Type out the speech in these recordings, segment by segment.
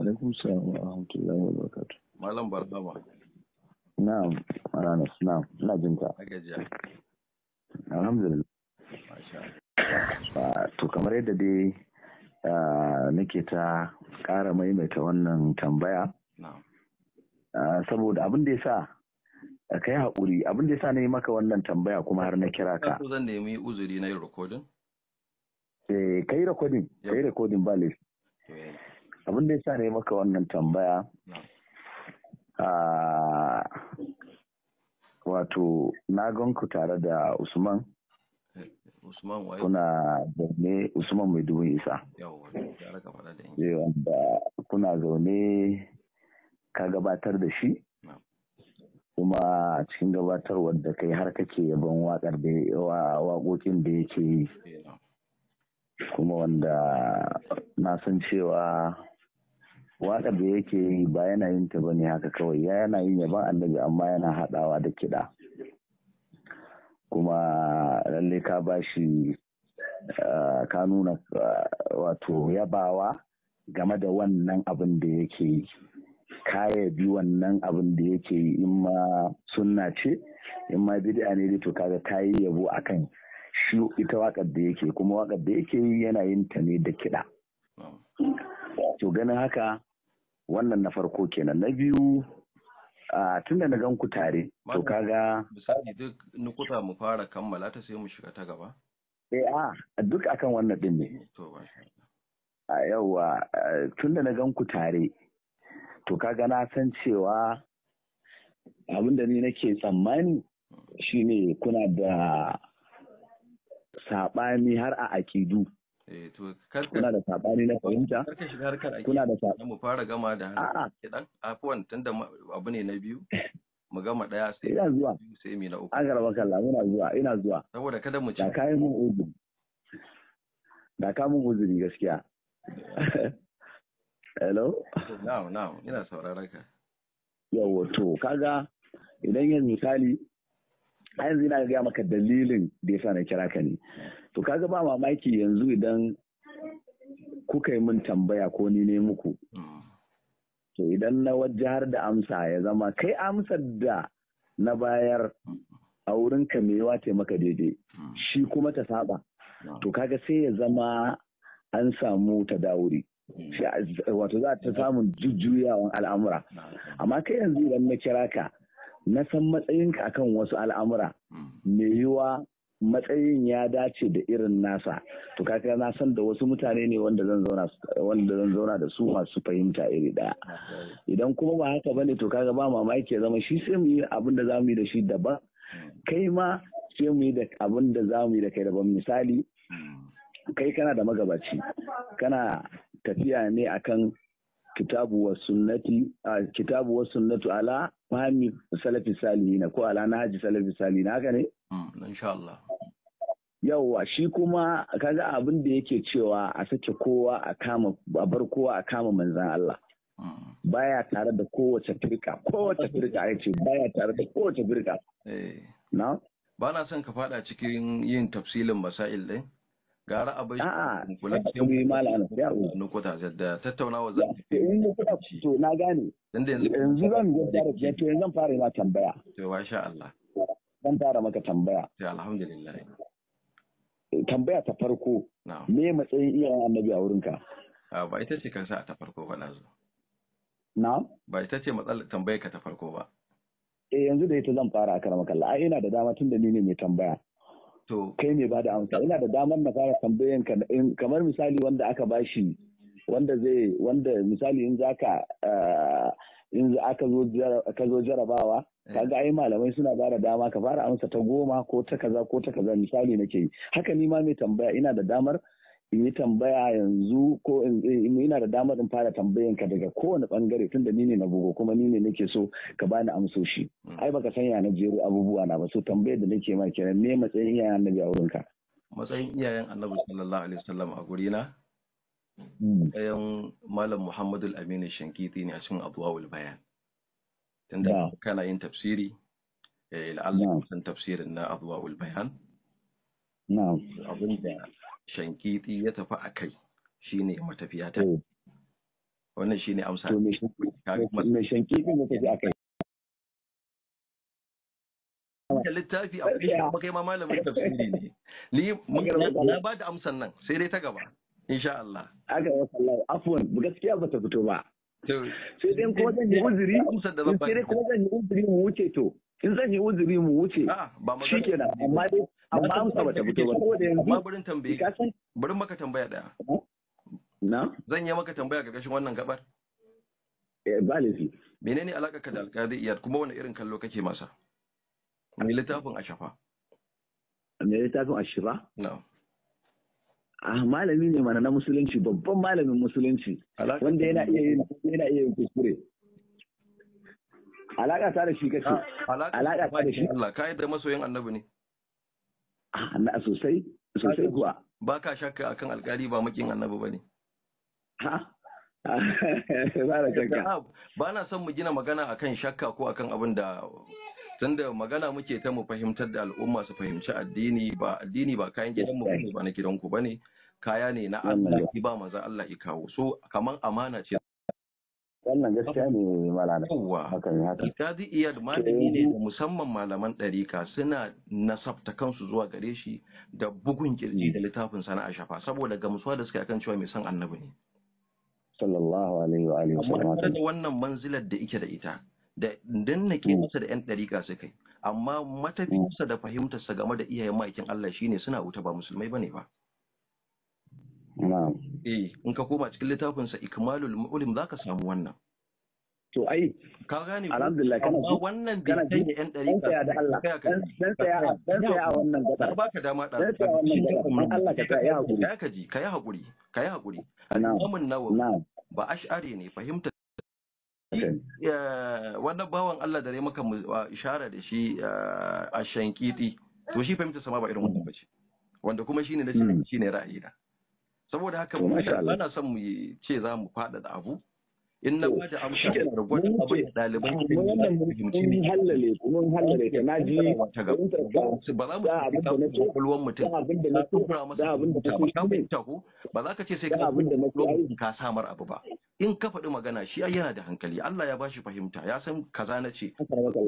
alaikum wa barakatu malam na'am na'am ina jin ka alhamdulillah ah, to kamar yadda dai ah, nake ta ƙara maimaita wannan tambaya ah, saboda abin da ya sa ka yi haƙuri abin da ya sa na yi maka wannan tambaya kuma har na kira ka zan nemi uzuri na yin rikodin Eh, kai recording kai rekodin ba laifi eh. abin da sa ne maka wannan tambaya ah, wato na ganku tare da Usman eh, Usman wai kuna zaune Usman mai dubu isa kuna zaune ka gabatar da shi kuma a cikin gabatarwar da kai har kake yaban waƙar da waƙoƙin da yake yi kuma wanda na san cewa waɗa da yake yi ba yana yin ta bane haka kawai ya yana yin yaban annabi amma yana haɗawa da kiɗa kuma lalle ka shi eh, ka nuna eh, wato yabawa game da wannan abin da yake yi kaya bi wannan abin da yake yi in ma sunna ce in ma bid'a ne to kaga yi yabo akan shi ita wakar da yake kuma wakar da yake yi yana yin ta ne da kiɗa to ganin haka wannan na farko kenan na biyu a tunda na gan ku tare to kaga misali duk nukuta mu fara kammala ta sai mu shiga ta gaba eh a duk akan wannan din ne to a yawa tunda na gan ku tare to kaga na san cewa abin da ni nake tsammani hmm. shine kuna da saɓani har a akidu. Eh, Kuna da saɓani na fahimta? Kuna da saɓani. Mu fara gama da kiɗan. Afuwan tun da abu ne na biyu. Mu gama ɗaya sai ina zuwa. Sai mi na uku. An garba kalla muna zuwa ina zuwa. Saboda kada mu ci. Da mun uzuri. Da ka mun uzuri gaskiya. Hello? Na'am na'am ina sauraron ka. Yawwa to kaga idan yanzu misali a yanzu ina gaya maka dalilin da yasa na kira ka ne to kaga ba mamaki yanzu idan kuka yi min tambaya ko ni ne muku to idan na wajahar da amsa ya zama kai amsar da na bayar a wurin ka me mewa taimaka daidai shi kuma ta saba to kaga sai ya zama an samu ta dawuri wato za ta samun jujjuyawan al'amura amma kai yanzu idan na kira ka na san matsayinka akan wasu al'amura mai hmm. yiwa matsayin ya dace da irin nasa to kaka na san da wasu mutane ne wanda zan zauna da su masu fahimta iri daya idan kuma ba haka bane to kaga ba mamaki ya zama shi sai mu yi abin da zamu yi da shi daban hmm. kai ma sai mu yi da abin da zamu yi da kai daban misali hmm. kai kana da magabaci kana tafiya ne akan kitabu wa sunnati kitabu wa sunnatu ala fahimmi salafi salihina ko ala nahaji salafi salihina haka ne hmm, insha Allah yawwa shi kuma kaga abin da yake cewa a sake kowa a kama a bar kowa a kama manzan Allah hmm. baya tare da kowace firka kowace firka ya ce baya tare da kowace firka eh. na ba na son ka fada cikin yin tafsilin masail din gara a bai kula da kuma mala sai a wuce no kota da tattaunawa zan in da to na gane yanzu zan gwada da to yanzu zan fara ma tambaya to wa sha Allah zan fara maka tambaya to alhamdulillah tambaya ta farko me matsayin iyayen annabi a wurinka ah, ba ita ce kansa ta farko ba nazo na ba ita ce matsalar tambayar ka ta farko ba eh yanzu da ita zan fara a karamakalla kalla ai ina da dama tun da ni ne mai tambaya kai mai bada amsa ina da damar na fara tambayan ka kamar misali wanda aka bashi wanda zai wanda misali in ka eh, in aka zo ka zo jarabawa eh. kaga ai malamai suna ba da dama ka fara amsa ta goma ko ta kaza ko ta kaza misali nake yi haka ni ma mai tambaya ina da damar in yi tambaya yanzu ko ina da damar in fara tambayan ka daga kowane bangare tun da ni ne na bugu kuma ni ne nake so ka bani amsoshi hmm. ai baka sanya na jeru abubuwa na ba so tambayar da nake ma kenan me matsayin iyayen annabi a wurinka. matsayin iyayen annabi sallallahu alaihi wasallam a guri na hmm. ɗayan malam muhammadul aminu shankiti ne a cikin abuwawul bayan tunda kana yin tafsiri eh, la'allan san tafsirin na abuwawul bayan abin da shankiti ya tafi a kai shine matafiya ta oh. wannan shine amsa to me shankiti ya tafi a kai da littafi a kuma makai ma malamin tafsiri ne ni na ba da amsan nan sai dai ta gaba insha Allah aka wa sallahu afwan gaskiya ba ta fito ba sai dai kuma zan yi uzuri sai dai kuma zan yi uzuri mu wuce to in zan yi uzuri mu wuce ah, shi kenan amma dai amma amsa bata fito ba amma barin tambaye barin maka tambaya daya na zan yi maka tambaya ga gashin wannan gabar eh ba laifi menene alaka ka da alƙadi iyad kuma wani irin kallo kake masa me littafin ashafa me littafin ashafa na'am ah malami ne mana na musulunci babban malamin musulunci wanda yana iya yin kuskure Alaƙa ta da shi kace ah, alaƙa ta da shi Allah ka yadda masoyin annabi ne ah, na sosai sosai kuwa ba ka shakka akan alƙali ba makin annabi ne ha ah, ba na son mu gina magana akan shakka ko akan abin da tunda magana muke ta mu fahimtar da al'umma su fahimci addini ba addini ba kayan gidan mu ba na gidan ku ne kaya ne na Allah ki ba manzo Allah ya kawo so kaman amana ce wannan gaskiya ne malana hakan haka kazi iyad malami ne da musamman malaman ɗarika suna nasabta kansu zuwa gare shi da bugun kirji mm. da littafin sana'a shafa saboda gamsuwa da suka kan cewa mai san annabi ne sallallahu alaihi wa alihi wasallam da wannan manzilar da yake da ita da danna ke mm. da yan ɗarika su kai amma matafinsa da fahimtarsa game da iyayen ma'aikin Allah shine suna wuta ba musulmai bane ba eh in ka koma cikin littafin sa ikmalul za zaka samu wannan to ai ka gane alhamdulillah kana ji wannan da kai da yan dari ka da Allah dan tsaya dan tsaya a wannan gaba ba ka dama da wannan Allah ka tsaya hakuri ka ji ka yi hakuri ka yi hakuri Imamun Nawawi ba ash'ari ne fahimta wannan bawan Allah da ya maka ishara da shi a shankiti to shi fahimta sama ba irin wannan bace wanda kuma shine na hmm. ne ra'ayi na saboda haka bana son mu ce za mu faɗa da abu in na ba da amsa da abu abin da ɗaliban ke wannan mun hallale mun hallale ta na ji ta ga ba za mu ci ka kulwan mutum abin da na kura masa abin da ka ta ko ba za ka ce sai ka abin da na ka samar abu ba in ka faɗi magana shi yana da hankali Allah ya bashi fahimta ya san kaza na ce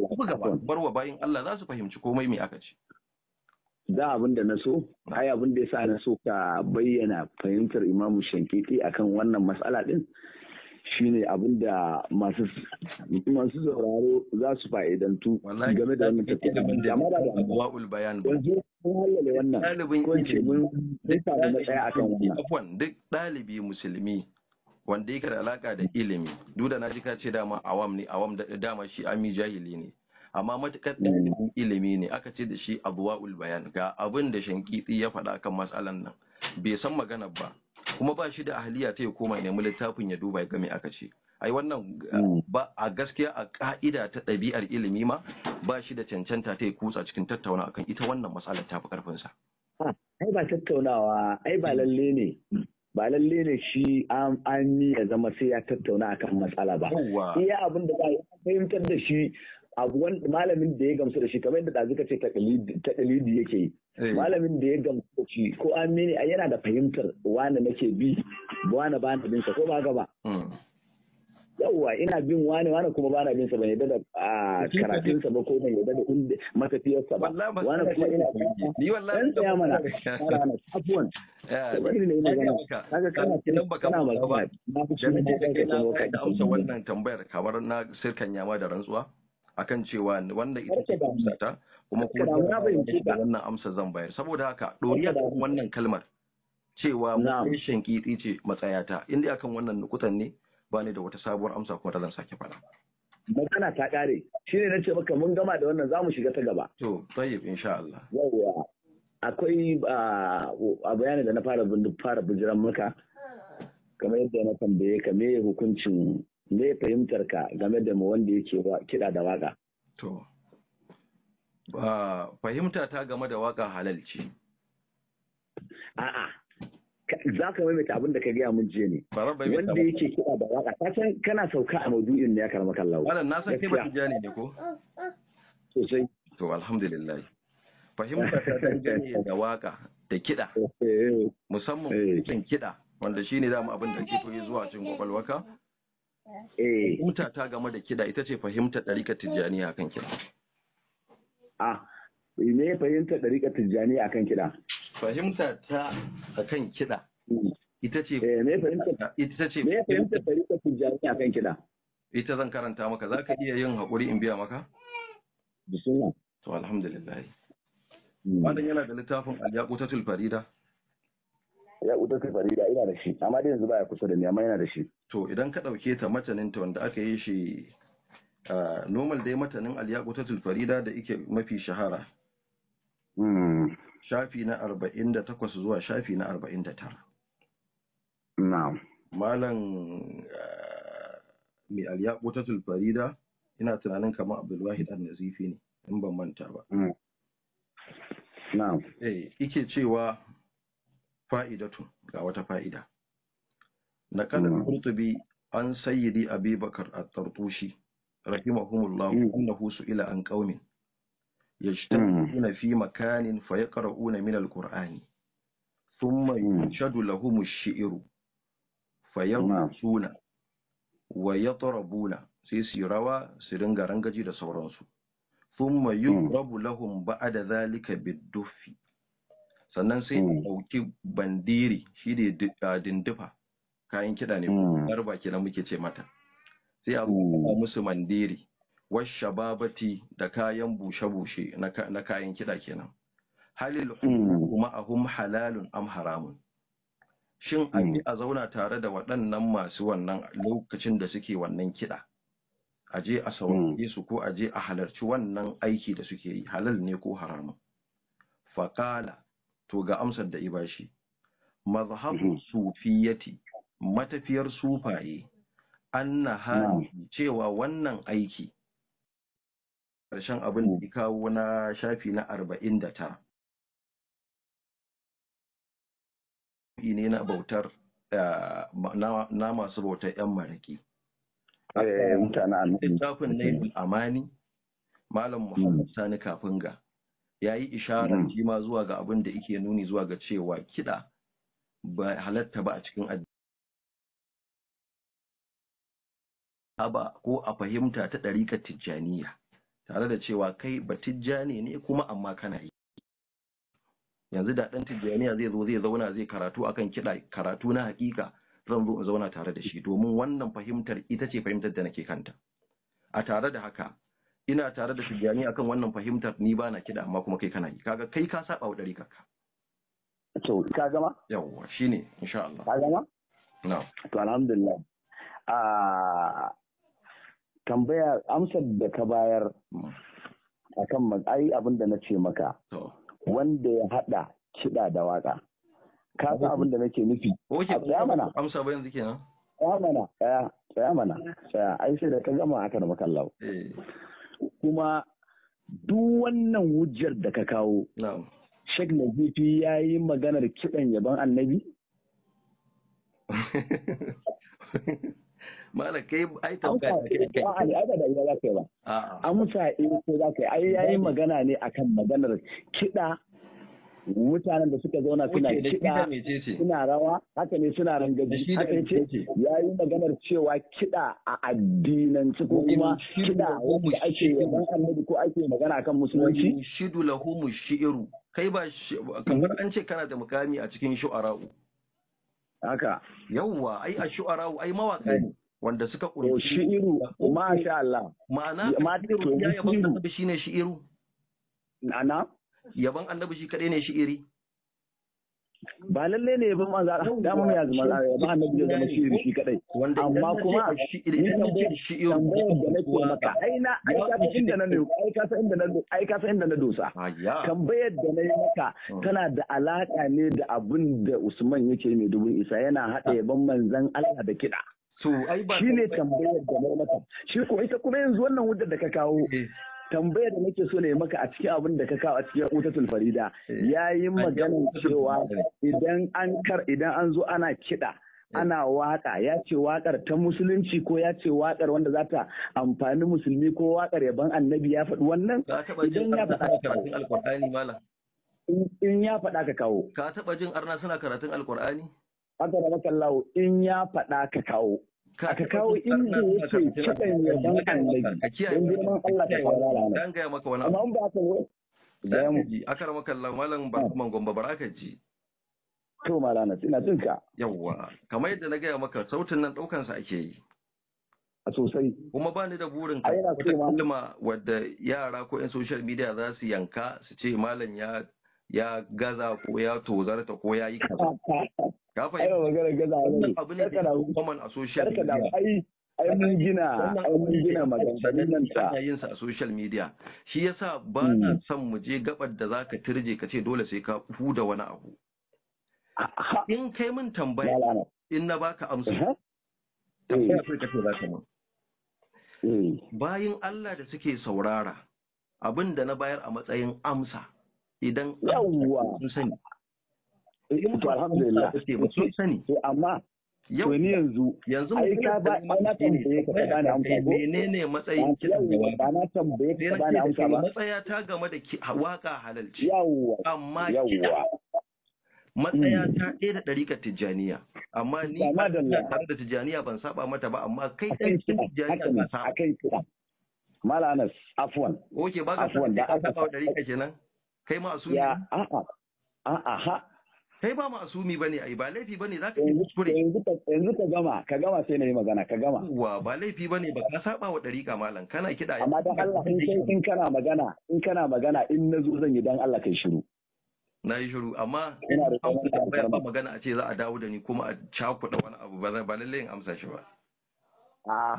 kuma gaba barwa bayin Allah za su fahimci komai me aka ce da abin da na so ai abin da ya sa na so ka bayyana fahimtar imamu shankiti akan wannan matsala din shine abin da masu masu sauraro za su fa'idantu game da wannan tattalin tafiya amma da abwaul bayan yanzu mun hallale wannan dalibin mun duka da matsaya akan wannan afwan duk dalibi musulmi wanda yake da alaka da ilimi duk da naji ka ce dama awam ne awam da dama shi ami jahili ne amma matukar hmm. ɗalibin ilimi ne aka ce da shi abuwa'ul bayan ga abin da shankiti ya faɗa kan matsalan nan bai san magana ba kuma ba shi da ahaliya ta ya koma ne nemi littafin ya duba ya game aka ce ai wannan hmm. ba a gaskiya a ka'ida ta ɗabi'ar ilimi ma ba shi da cancanta ta ya kutsa cikin tattauna akan ita wannan matsalar ta fi sa. Ah, ai ba tattaunawa ai ba lalle ne ba lalle ne shi an ya zama sai ya tattauna akan matsala ba iya abin da ba a fahimtar da shi Abuwan malamin da ya gamsu da shi kamar yadda ɗazu ka ce ta ɗalidi yake yi eh. malamin da ya gamsu da shi ko an mene yana da fahimtar wane nake bi wane ba na binsa ko ba gaba hmm. yawwa ina bin wane wane kuma bana bin sa ban yadda da karatun sa ba ko ban yadda da inda matafiyar ba wane kuma ina ni wallahi dan ya mana afwan wani ne ina gana kaga kana kiran baka kana magana na fi shi ne da amsa wannan tambayar kamar na sirkan yama da rantsuwa akan cewa wanda ita ce ta kuma kuma da wannan amsa zan bayar saboda haka doriya da wannan kalmar cewa rashin kiɗi ce matsayata inda akan wannan nukutan ne ba ni da wata sabuwar amsa kuma ta zan sake fara. magana ta kare shi ne na ce maka mun gama da wannan za mu shiga ta gaba to tayyib insha Allah yawwa akwai a bayanin da na fara fara bijiran maka kamar yadda na tambaye ka me hukuncin me fahimtar ka game da mu wanda yake kiɗa da waka to ba fahimta ta game da waka halal ce a'a za ka maimaita abin da ka gaya mun jiya ne wanda yake kiɗa da waka ta san kana sauka a maudu'in ne ya karama kallawa. wannan na san kai ba ne ko sosai to alhamdulillah fahimta ta jani da waka da kiɗa eh, eh. musamman eh. kiɗa wanda shi za mu abin da ke koyi zuwa cin kwakwalwaka Huta eh. ta game da kiɗa ita ce fahimtar ɗarikar tijjani a kan kiɗa. A, ah, me fahimtar ɗarikar tijjani a kan kida? Fahimta ta a kan kiɗa. Hmm. Ita ce eh, fahimtar ɗarikar tijjani a kan kiɗa. Ita zan karanta maka, za ka iya yin haƙuri in biya maka? Bismillah. To, alhamdulillah. Wannan hmm. yana da littafin Aljaƙutatul Farida. ya utarkar farida ina da shi amma dai yanzu baya kusa da ni amma yana da shi to idan ka ɗauke ta matanin ta wanda aka yi shi normal dai matanin aliyakutatul farida da ike mafi shahara hmm. shafi na arba'in da takwas zuwa shafi na arba'in da tara malam mai aliyakutatul farida ina tunanin kamar abdulwahid Dan nazifi ne in ban manta ba hmm. Na'am. Eh, ike cewa fa’idatun ga wata fa’ida. Na kanan Kurtubi an sayyidi abi bakar a tartushi, rahimahumullahu inna hmm. husu ila an ƙaumin, ya ci tattuna hmm. fi makanin faye ƙara'una min al sun mai hmm. shadu lahumu shi’iru, faye suna, wa ya tarabuna sai su rawa su ringa rangaji da sauransu. rabu يضرب لهم da zalika بالدف sannan sai a hmm. ɗauki bandiri shi ne ah, dindufa kayan kiɗa ne hmm. garba kenan muke ce mata sai a ɗauki hmm. musu mandiri washa babati da kayan bushe-bushe na kayan kiɗa kenan halil kuma ahum halalun am haramun shin a yi a zauna tare da waɗannan masu wannan lokacin da suke wannan kiɗa a je a saurare su ko a je a halarci wannan aiki da suke yi halal ne ko haramun faƙala to ga amsar da ibashi mazhabus mhm. sufiyati matafiyar sufaye annaha cewa wannan aiki Karshen abin da mhm. ya kawo na shafi na arba'in da ta ne na bautar eh, na masu bautar 'yan maraki eh, littafin nailul amani malam muhammad mhm. sani kafinga ya yi isharar hmm. shi ma zuwa ga abin da yake nuni zuwa ga cewa kiɗa ba halatta ba a cikin addini ko a fahimta ta ɗariƙar tijjaniya tare da cewa kai ba tijjani ne kuma amma kana yi yanzu da ɗan tijjaniya zai zo zai zauna zai karatu akan kiɗa karatu na hakika zan zo in zauna tare da shi domin wannan fahimtar ita ce fahimtar da nake kanta a tare da haka ina tare da tijjani akan wannan fahimtar ni ba na kiɗa amma kuma kai kana yi kaga kai ka saba wa ɗari kakka to ka gama yawwa shine insha Allah ka gama na to alhamdulillah a ah, tambaya amsar da ka bayar mm. akan ai abin da na ce maka wanda ya haɗa kida da waka ka san abin da nake nufi a tsaya mana amsa ba yanzu kenan tsaya mana tsaya tsaya mana tsaya ai sai da ka gama aka da makallau eh. kuma duk wannan hujjar da ka kawo Sheikh Nazifi ya yi maganar kiɗan yaban annabi? Mala kai ai tambaya kai. A'a ai ba da za ka yi Amsa eh ko za ka yi ai yayi magana ne akan maganar kiɗa mutanen da suka zauna suna kiɗa suna rawa haka ne suna rangaji haka ne ya yi maganar cewa kiɗa a addinanci ko kuma kiɗa wanda ake yaban annabi ko ake magana kan musulunci shidu lahumu shi'iru kai ba kamar an ce kana da mukami a cikin shu'ara'u haka yawwa ai a shu'ara'u ai mawaka ne wanda suka ƙunshi shi'iru masha Allah ma'ana ma'ana ya yaban annabi shine shi'iru yaban annabi shi kaɗai ne shi iri ba lalle ne yaban manzo da mu ya zama yaban annabi ya zama shi iri shi kadai amma kuma shi shi maka ai na ai ka san inda na ne ai ka san inda na ai ka san inda na dosa ah, tambayar da na yi maka hmm. tana da alaƙa ne da abin da Usman yake mai dubun Isa yana haɗa yaban manzon Allah da kiɗa. To ai ba shi ne tambayar da na yi maka shi ko ita kuma yanzu wannan wutar da ka kawo eh. tambayar da nake so ne maka a cikin abin da ka kawo a cikin utatul farida eh. ya yi magana cewa idan an kar idan an zo ana kiɗa eh. ana waka ya ce wakar ta musulunci ko ya ce wakar wanda za ta amfani musulmi ko wakar yaban annabi ya faɗi wannan idan ya faɗa kawo, in ya faɗa ka kawo ka taɓa jin arna suna karatun Alƙur'ani? haka da maka in ya faɗa ka kawo ka kawo inda yake cikin ya ban annabi don girman Allah ta kawo lalata. dan ga maka wani amma ba ka da mu akar maka lamalan ah. ba kuma gomba Ka ji to malana ina jin ka yawa kamar yadda na gaya maka sautin nan daukan sa ake yi a sosai kuma ba ni da burin ka so ma. wadda yara ko yan social media za su yanka su ce malam ya ya gaza ko ya tozarta ko ya yi kaza ka fahimta magana gaza ne abu ne da common a social media ai mun gina ai mun gina maganganun ta yin sa a social media shi yasa ba hmm. na son mu je gabar da zaka turje ka ce dole sai ka huda wani abu in kai min tambaya in na baka amsa tambaya hmm. kai kace za ka mun hmm. bayin Allah da suke saurara abin da na bayar a matsayin amsa idan yawwa sun sani in eh, to alhamdulillah sun sani to amma yau ni yanzu yanzu mu ka ba na tambaye ka ba na amsa ba? menene matsayin kidan ba na tambaye ka ba ni amsa ba matsaya ta game da waka halalci yawwa amma yawwa matsaya ta mm. ɗaya da ɗarikar tijjaniya amma ni ba da tijjaniya ban saba mata ba amma kai ɗan cikin tijjaniya ba saba akan kira malanas afwan oke ba ka saba da ɗarikar kenan kai ma asumi ya a'a a'a ha kai ba ma asumi bane ai ba laifi bane za ka yi kuskure yanzu ka yanzu ka gama ka gama sai na yi magana ka gama wa ba laifi bane ba ka saba wa dariƙa malam kana kida amma dan Allah in kai in kana magana in kana magana in nazo zan yi dan Allah kai shiru na yi shiru amma ina da kuma ba magana a ce za a dawo da ni kuma a cakuɗa wani abu ba zan ba lalle in amsa shi ba a ah.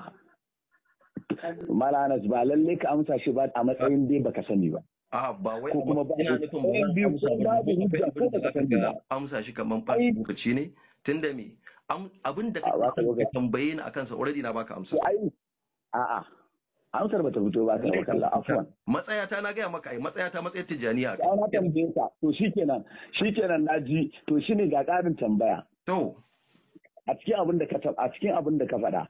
Malanas ba lalle ka amsa shi ba a matsayin dai baka sani ba a ba wai ko kuma ba ina nufin ba amsa shi kaman ba lokaci ne tunda me abin da kake tambaye ni akan sa already na baka amsa a'a amsar bata fito ba kan wakalla afwan matsaya ta na gaya maka ai matsaya ta matsayar tijaniya ka na tambaye ka to shikenan shikenan naji to shine ga karin tambaya to a cikin abin da ka a cikin abin da ka faɗa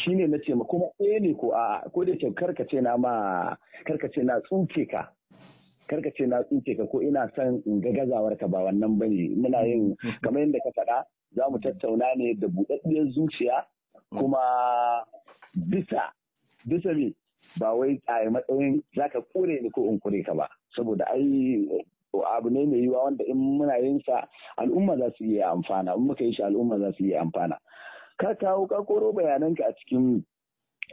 shine na ce ma kuma ɗaya ne ko a'a ko da ce karkace na ma karkace na tsuke ka karka ce na tsuke ka ko ina son in ga gazawar ka ba wannan bane muna yin mm-hmm. kamar yadda ka faɗa za mu tattauna ne da buɗaɗɗiyar zuciya mm-hmm. kuma bisa bisa me ba wai a matsayin ka kure ni ko in kure ka ba saboda ai abu ne mai yiwa wanda in muna yin sa al'umma za su iya amfana in muka yi shi al'umma za su iya amfana ka kawo ka koro bayananka a cikin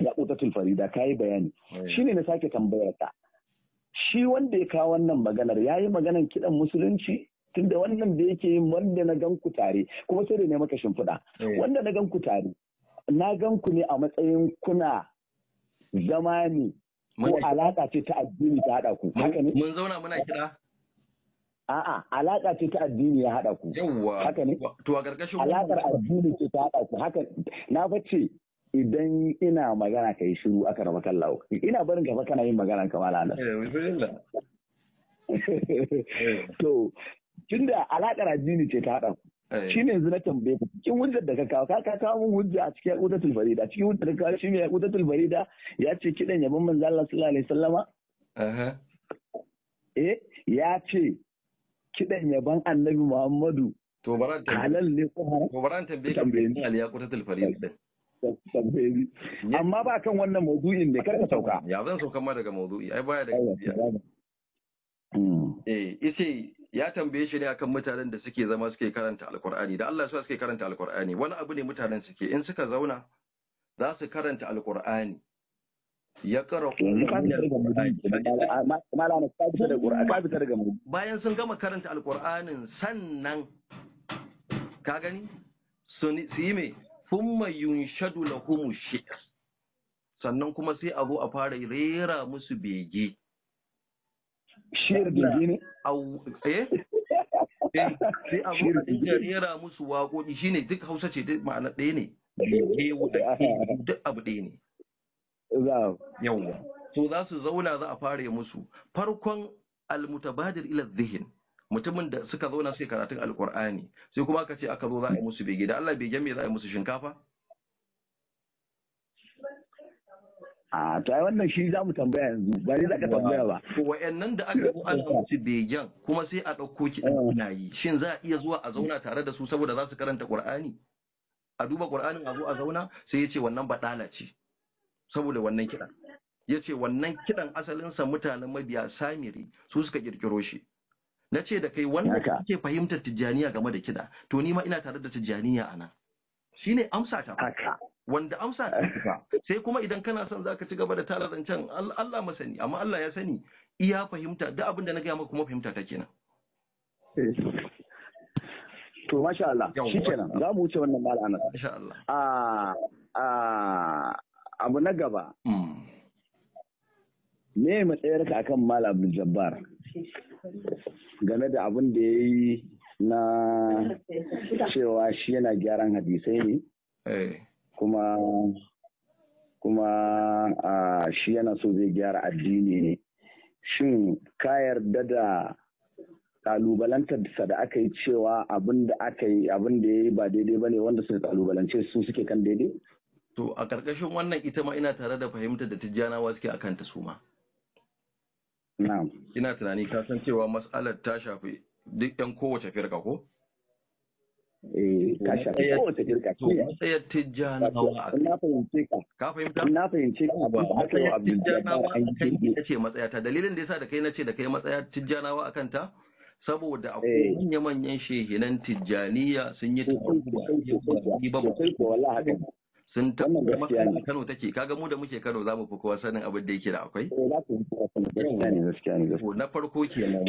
yakutatul farida ka yi bayani mm. shine na sake tambayar ka shi wanda ya kawo wannan maganar ya yi maganar kiɗan musulunci tunda wannan da yake yin wanda na gan ku tare kuma sai da ne maka shimfiɗa eh. wanda na gan ku tare na gan ku ne a matsayin kuna zama ne ko alaƙa ce ta addini ta haɗa ku haka ne mun zauna muna kira A'a, alaƙa ce ta addini ya haɗa ku. Yawwa. Haka ne? To ƙarƙashin Alaƙar addini ce ta haɗa ku. Haka na fa ce idan ina magana ka yi shiru aka raba kan lawo ina barin gaba kana yin magana ka mala ana eh, to tunda alaƙar addini ce ta haɗa eh. shi ne yanzu na tambaye ku cikin hujjar da ka kawo ka ka kawo mun hujja a cikin yaqudatul farida cikin hujjar da ka kawo shi ne yaqudatul farida ya ce kiɗan yabon manzo Allah sallallahu alaihi wasallama eh ya ce kiɗan yabon annabi Muhammadu to baran halal ne ko to baran tambaye ka al yaqudatul farida amma ba kan wannan maudu'in ne karka sauka ya zan sauka ma daga maudu'i ai baya daga hmm. eh ice ya tambaye shi ne akan mutanen da suke zama suke karanta alkur'ani da Allah suka suke karanta alkur'ani wani abu ne mutanen suke in suka zauna za su karanta alkur'ani ya kara bayan sun gama karanta alkur'anin sannan ka gani su yi mai. thumma yunshadu lahum shi'r sannan kuma sai a zo a fara rera musu bege shi'r bege ne eh? eh sai a zo a rera musu waƙoƙi shine duk Hausa ce duk ma'ana ɗaya ne bege wuta eh, duk abu ɗaya ne yawwa to za su zauna za a fara musu farkon almutabadir ila zihin mutumin da suka zauna suke karatun alkur'ani sai kuma aka ce aka zo za a yi musu bege da Allah begen me za a yi musu shinkafa a to ai wannan shi za mu tambaya yanzu ba za ka tambaya ba ko wayannan da aka zo ana musu begen kuma sai a dauko ki ina eh. yi shin za a iya zuwa a zauna tare da su saboda za su karanta qur'ani a duba qur'anin a zo a zauna sai ya ce wannan badala ce saboda wannan kiɗan ya ce wannan kiɗan asalinsa mutanen mabiya samiri su suka kirkiro shi na ce da kai wannan kake fahimtar tijjaniya game da kiɗa to ni ma ina tare da tijjaniya a nan shine amsa ta wanda amsa ta sai kuma idan kana son zaka ci gaba da tara zancen Allah masani amma Allah ya sani iya fahimta da abin da na gaya maka kuma fahimta ta kenan eh. to masha Allah shikenan za mu wuce wannan mal'ana insha Allah a ah, ah, abu na gaba hmm. me matsayarka akan Malam Abdul Jabbar game da abin da ya yi na cewa shi yana gyaran hadisai ne eh. kuma kuma shi yana so zai gyara addini ne shin ka yarda da kalubalantarsa da aka yi cewa abin da aka yi abin da ya yi ba daidai ba ne wanda suka kalubalance su suke kan daidai? To a ƙarƙashin wannan ita ma ina tare da fahimtar da tijjanawa suke akan ta su ma. ina tunani ka san cewa mas'alar ta shafi duk yan kowace firka ko ka eh, shafi kowace firka ce matsayar tijjanawa na fahimce ka ka fahimta na fahimce ka ba haka yau abdul jabbar an ce matsaya ta dalilin da yasa da kai na ce da kai matsaya tijjanawa akan ta saboda akwai eh. manya-manyan shehinan tijjaniya sun yi tabbata ba ba sun taɓa kuma a Kano take kaga mu da muke Kano za mu fi kowa sanin abin da yake da akwai eh, na farko ke eh,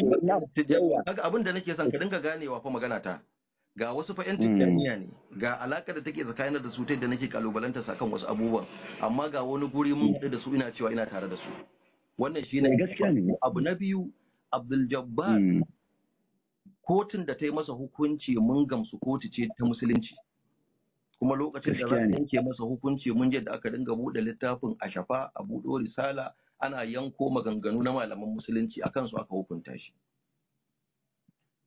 kaga abin da nake son ka dinga ganewa fa magana ta ga wasu fa'in hmm. tijjaniya ne ga alaƙa da take tsakanin da su ta da nake kalubalanta sakan wasu abubuwan amma ga wani guri mun da su ina cewa ina tare da su wannan shine eh, abu na biyu Abdul Jabbar hmm. kotun da ta yi masa hukunci mun gamsu kotu ce ta musulunci kuma lokacin da zan yanke masa hukunci mun je da aka dinga buɗe littafin a shafa a buɗo risala ana yanko maganganu na malaman musulunci a kansu aka hukunta shi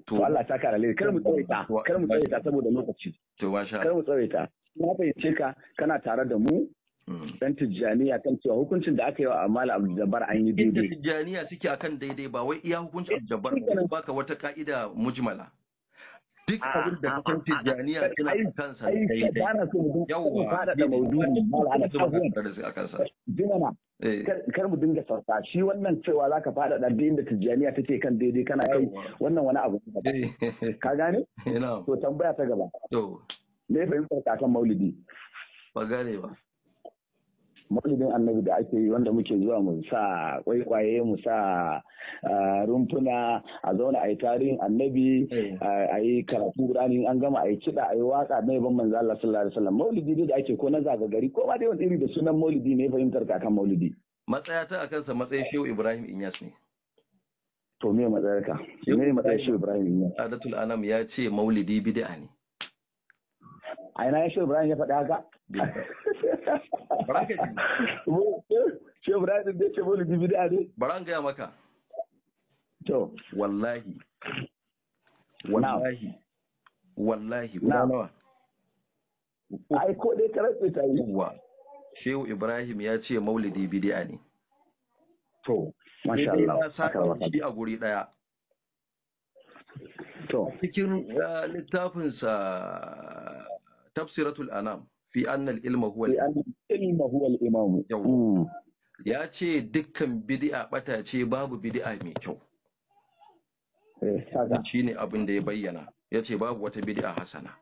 to Allah ta kara kar mu tsawaita kar mu tsawaita saboda lokaci to masha kar mu tsawaita na fahimce ka kana tare da mu hmm. dan tijjaniya kan cewa hukuncin da aka yi wa amala abdulljabbar an yi daidai tijjaniya suke akan daidai ba wai iya hukuncin eh, Jabbar ba ka wata ka'ida mujmala duk abin da kusan tijjaniya tana kansa yawwa da maudu'i jimana eh. kar mu dinga sarfa shi wannan cewa zaka faɗaɗa da da tijjaniya take kan daidai kana kai wannan wani abu eh. ka gane to tambaya ta gaba me fahimtar kakan maulidi ba gane ba maulidin annabi da ake yi wanda muke zuwa mu sa kwaikwaye mu sa ah, rumfuna a zauna a yi tarihin annabi eh. ah, a yi karatu rani an gama a yi kiɗa a yi waka na yaban manzo Allah sallallahu alaihi wasallam maulidi ne da ake ko na gari ko ma dai wani iri da sunan maulidi ne fahimtar ka akan maulidi matsaya ta akan sa matsayin Shehu Ibrahim Inyas ne to me ka me matsayin Shehu Ibrahim Inyas Adatul Anam ya ce maulidi bid'a ne a ina ya Shehu Ibrahim ya faɗi haka Bara ka ji. Shi Ibrahim ce maulidi bid'a gaya maka. To. Wallahi. Wallahi. Wallahi. Nawa. Ai ko dai karanta ta yi. Yawwa. Shehu Ibrahim ya ce maulidi bid'a ne. To. Masha Allah. Sai dai ya a guri ɗaya. To. Cikin eh, littafinsa tafsiratul anam. fi annal ilma huwa ilma imamu hmm. ya ce dukkan bid'a bata ce babu bid'a mai kyau eh, shi ne abin da ya bayyana ya ce babu wata bid'a hasana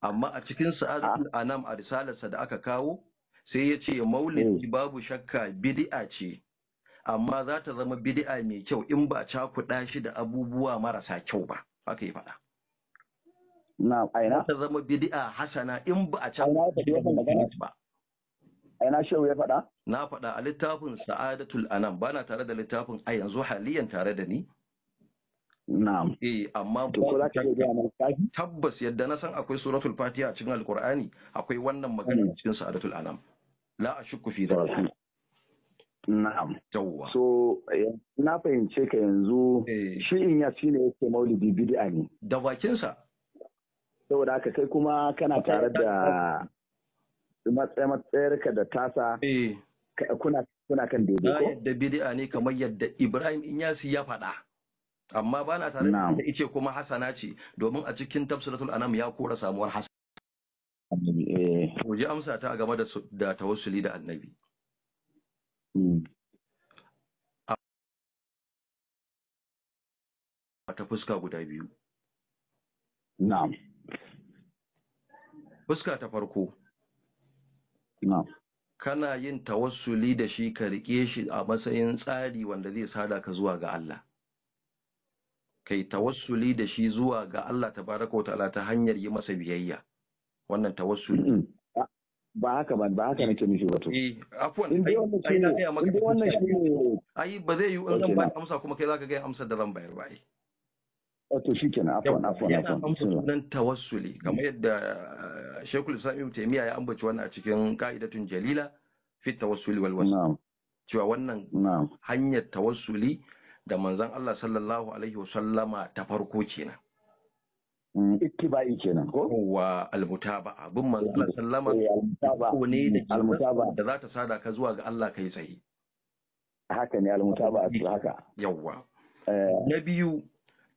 amma a cikin sa'adul anam ah. a risalarsa da aka kawo sai ya ce maulidi hmm. babu shakka bid'a ce amma za ta zama bid'a mai kyau in ba cakuɗa shi da abubuwa marasa kyau ba haka yi faɗa na aina ta zama bid'a hasana in ba a can ba aina shehu ya faɗa na faɗa a littafin sa'adatul anam bana tare da littafin a yanzu haliyan tare da ni Na'am. Eh amma ba tabbas yadda na san akwai suratul Fatiha a cikin Alkur'ani akwai wannan magana a hmm. cikin Sa'adatul Anam. La a shukku fi dhalika. Na'am. Jawwa. So eh, na fahimce ka yanzu eh. shi in ya shine yake maulidi bid'a ne. Da bakinsa. saboda haka kai kuma kana tare da matsayar ka da tasa eh. kuna kan daidai ko yadda bid'a ne kamar yadda Ibrahim Inyasi ya faɗa amma ba na tare da ice kuma hasana ce domin a cikin tafsiratul anam ya kora samuwar hasana Waje eh. amsa ta game da da tawassuli da annabi mm. ta fuska guda biyu na'am fuska ta farko kana yin tawassuli da shi ka rike shi a matsayin tsari wanda zai sada ka zuwa ga Allah kai tawassuli da shi zuwa ga Allah tabaraka wa ta'ala ta hanyar yi masa biyayya wannan tawassuli ba haka ba ba haka nake nufi wato eh afwan in dai wannan shi ne ai ba zai yi in zan ba amsa kuma kai zaka ga amsar da zan bayar ba ai Wato eh, shi kenan afon afon. yana amsa sunan tawassuli kamar yadda eh, shekul sami miya ya ambaci wannan a cikin ka'idatun jalila fit tawassuli wal wasu cewa wannan hanyar tawassuli da manzan Allah sallallahu alaihi wasallama ta farko kenan mm, ittiba'i kenan ko wa almutaba abin manzon Allah sallama eh, ko ne da da za ta sada ka zuwa ga Allah kai tsaye haka ne almutaba haka Yawwa, na biyu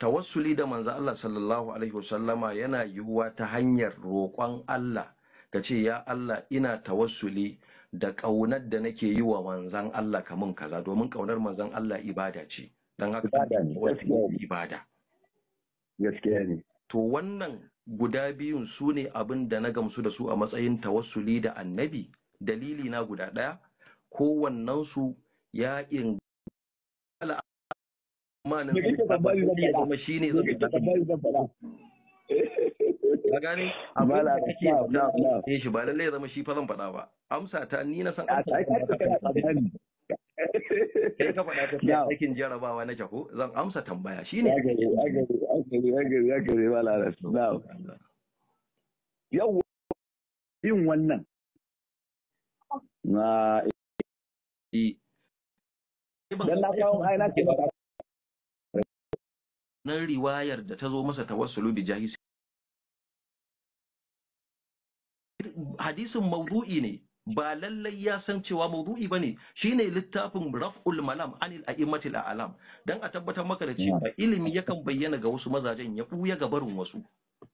tawassuli da manzo Allah sallallahu alaihi wasallama yana yiwuwa ta hanyar roƙon Allah ka ce ya Allah ina tawassuli da ƙaunar da nake yi wa manzon Allah kamun kaza domin ƙaunar manzon Allah ibada ce don haka ibada gaskiya ne to wannan guda biyun su ne abin da na gamsu da su a matsayin tawassuli da annabi dalili na guda ɗaya kowannensu ya ingala manan zai zama shi ne zai zama ka gane kake ne shi ba ya zama shi fa zan faɗa ba amsa ta ni na san amsa ta kai ka faɗa ta ta cikin jarabawa na jako zan amsa tambaya shine agare agare agare agare wala rasu na'am yau yin wannan na eh. dan na kawo ai na ce ba nan riwayar da ta zo masa ta tawassulu bi jahi hadisin mawdu'i ne ba lallai ya san cewa mawdu'i bane shine littafin raf'ul malam anil a'immatil a'lam dan a tabbatar maka da cewa ilimi yakan bayyana ga wasu mazajen ya buya ga barin wasu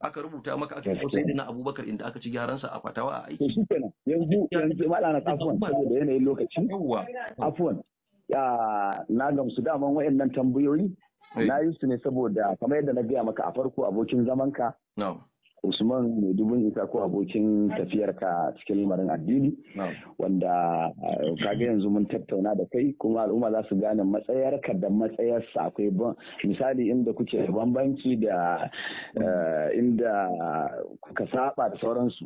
aka rubuta maka aka kawo sayyidina abubakar inda aka ci gyaran sa a fatawa a aiki shikenan yanzu yanzu malana afwan saboda yanayin lokaci yawa afwan na gamsu daman wayannan tambayoyi Eh. na yi su ne saboda kamar yadda na gaya maka a farko abokin zamanka usman mai dubin isa ko abokin tafiyarka cikin lamarin addini wanda eh, kaga yanzu mun tattauna da kai kuma al'umma za su gane matsayarka da matsayar sa akwai misali inda kuke da bambanci da eh, inda kuka saba da sauransu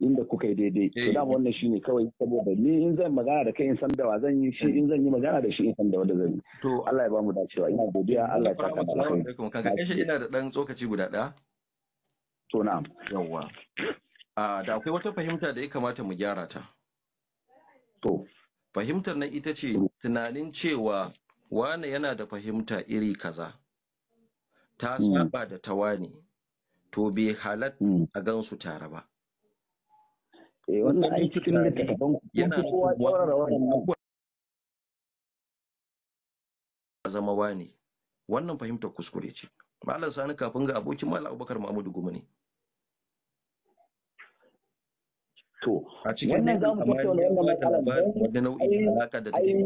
inda kuka yi daidai to eh. dama wannan shi ne kawai saboda ni in zan magana da kai in san da wa zan yi shi in zan yi magana da shi in san da wanda zan yi to Allah ya bamu dacewa ina godiya Allah ya saka mu alheri kaga kashi ina da dan tsokaci guda ɗaya? to na'am yawwa Ah da akwai wata fahimta da ya kamata mu gyara ta to fahimtar nan ita ce tunanin cewa Wani yana da fahimta iri kaza ta hmm. saba da tawani to bai halatta hmm. a gansu tare ba eh wannan da wannan zama wani wannan fahimtar kuskure ce malam sani kafin ga abokin malam abubakar mahmudu goma ne to a cikin wannan za mu tattauna wannan matsalar wanda nau'in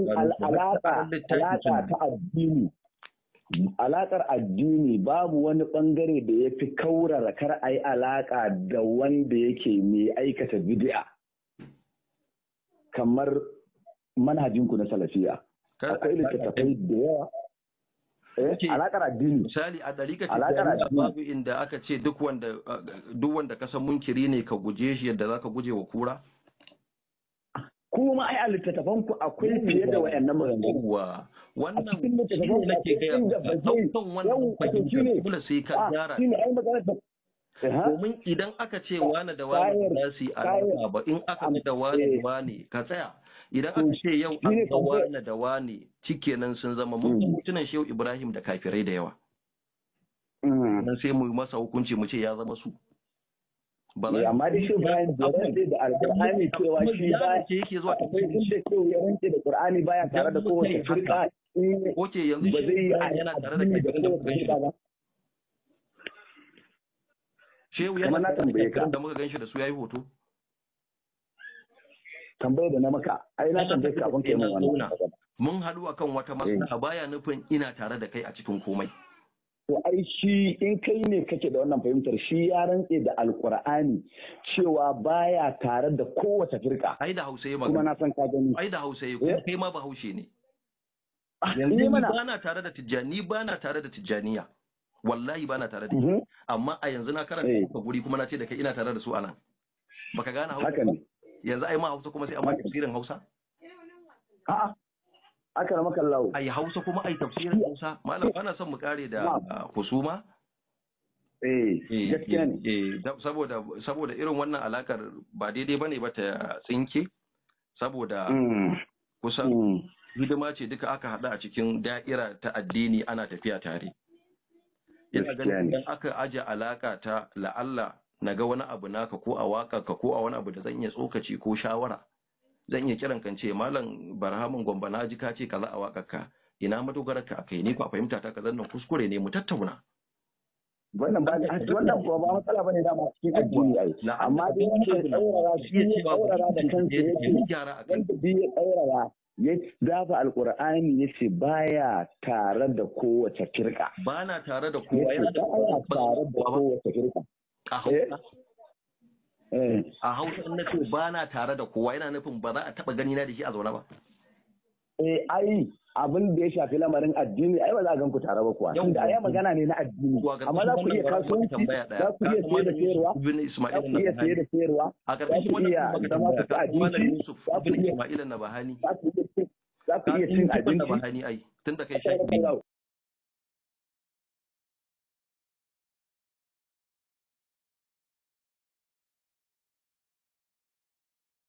alaka alaka ta addini alakar addini babu wani bangare da ya fi kaurara kar a yi alaka da wanda yake mai aikata bid'a kamar manhajinku na salafiya akwai littattafai da yawa eh, alakar addini misali a dalika babu inda aka ce duk wanda duk wanda ka san munkiri ne ka guje shi yadda zaka guje wa kura kuma ai a littattafan ku akwai fiye da wayannan maganganu wannan shi ne nake gaya ɗaukan wannan fahimtar dole sai ka ah, gyara domin idan aka ce wane da wane ba su yi alaƙa ba in aka ji da wane da eh. wane ka tsaya idan aka ce yau an ga wane da wane cikenan sun zama mun mm. mutunan shehu ibrahim da kafirai da yawa mm. nan sai mu masa hukunci mu ce ya zama su eh, amma da shi bayan zai da alƙur'ani cewa shi ba yake zuwa akwai inda shehu ya rance da Ƙur'ani baya tare da kowace firqa Eh, Ko Oke yanzu shi yana tare da kai da muka ganshi. Shehu yana tare da da muka ganshi da su yayi hoto. Tambayar da na maka, ai na tambaye kafin kai mun wannan. Mun haɗu akan wata eh. matsala baya nufin ina tare da kai a cikin komai. To ai shi in kai ne kake da wannan fahimtar shi ya rantse da alkur'ani cewa baya tare da kowace firka. Ai da hausa ya magana. Kuma na san ka gani. Ai da hausa ya kuma eh? kai ma ba haushe ne. Ah, yanzu bana tare da tijjani ba tare da tijjaniya wallahi bana tare da mhm. amma a yanzu na karanta eh. ka guri kuma na ce da kai ina tare da su anan baka gane hausa yanzu ai ma hausa kuma sai amma tafsirin hausa A aka rama kallawo ai hausa kuma ai tafsirin hausa malam bana son mu kare da ah, husuma eh, eh, eh gaskiya ne eh saboda saboda irin wannan alakar ba daidai bane ba ta tsinke saboda mm. kusan mm. hidima ce duka aka haɗu a cikin da'ira ta addini ana tafiya tare ina ganin idan aka aje alaka ta la'alla na ga wani abu naka ko a waka ka ko a wani abu da zan iya tsokaci ko shawara zan iya kiran kan ce malam barhamin gwamba na ji ka ce kaza a wakar ka ina matogarar ka kai ni ko fahimta ta kazan nan kuskure ne mu tattauna wannan ba wannan kuwa ba matsala bane dama cikin addini ai amma dai wanda ya tsaurara shi ya tsaurara da kansa ya ce wanda bi ya tsaurara ya dafa alkur'ani ya ce baya tare da kowace kirka. ba na tare da kowa yana da tare da kowace kirka. a hausa in eh? eh. na ce ba na tare da kowa yana nufin ba za a taba gani na da shi a zaune ba eh ai abin da ya shafi lamarin addini ai ba za a gan ku tare ba kuwa tunda ai magana ne na addini amma za ku iya kasuwanci za ku iya sayar da sayarwa za ku iya sayar da sayarwa za ku iya zama ku ta addini za ku iya za ku iya cin abinci tunda kai shaki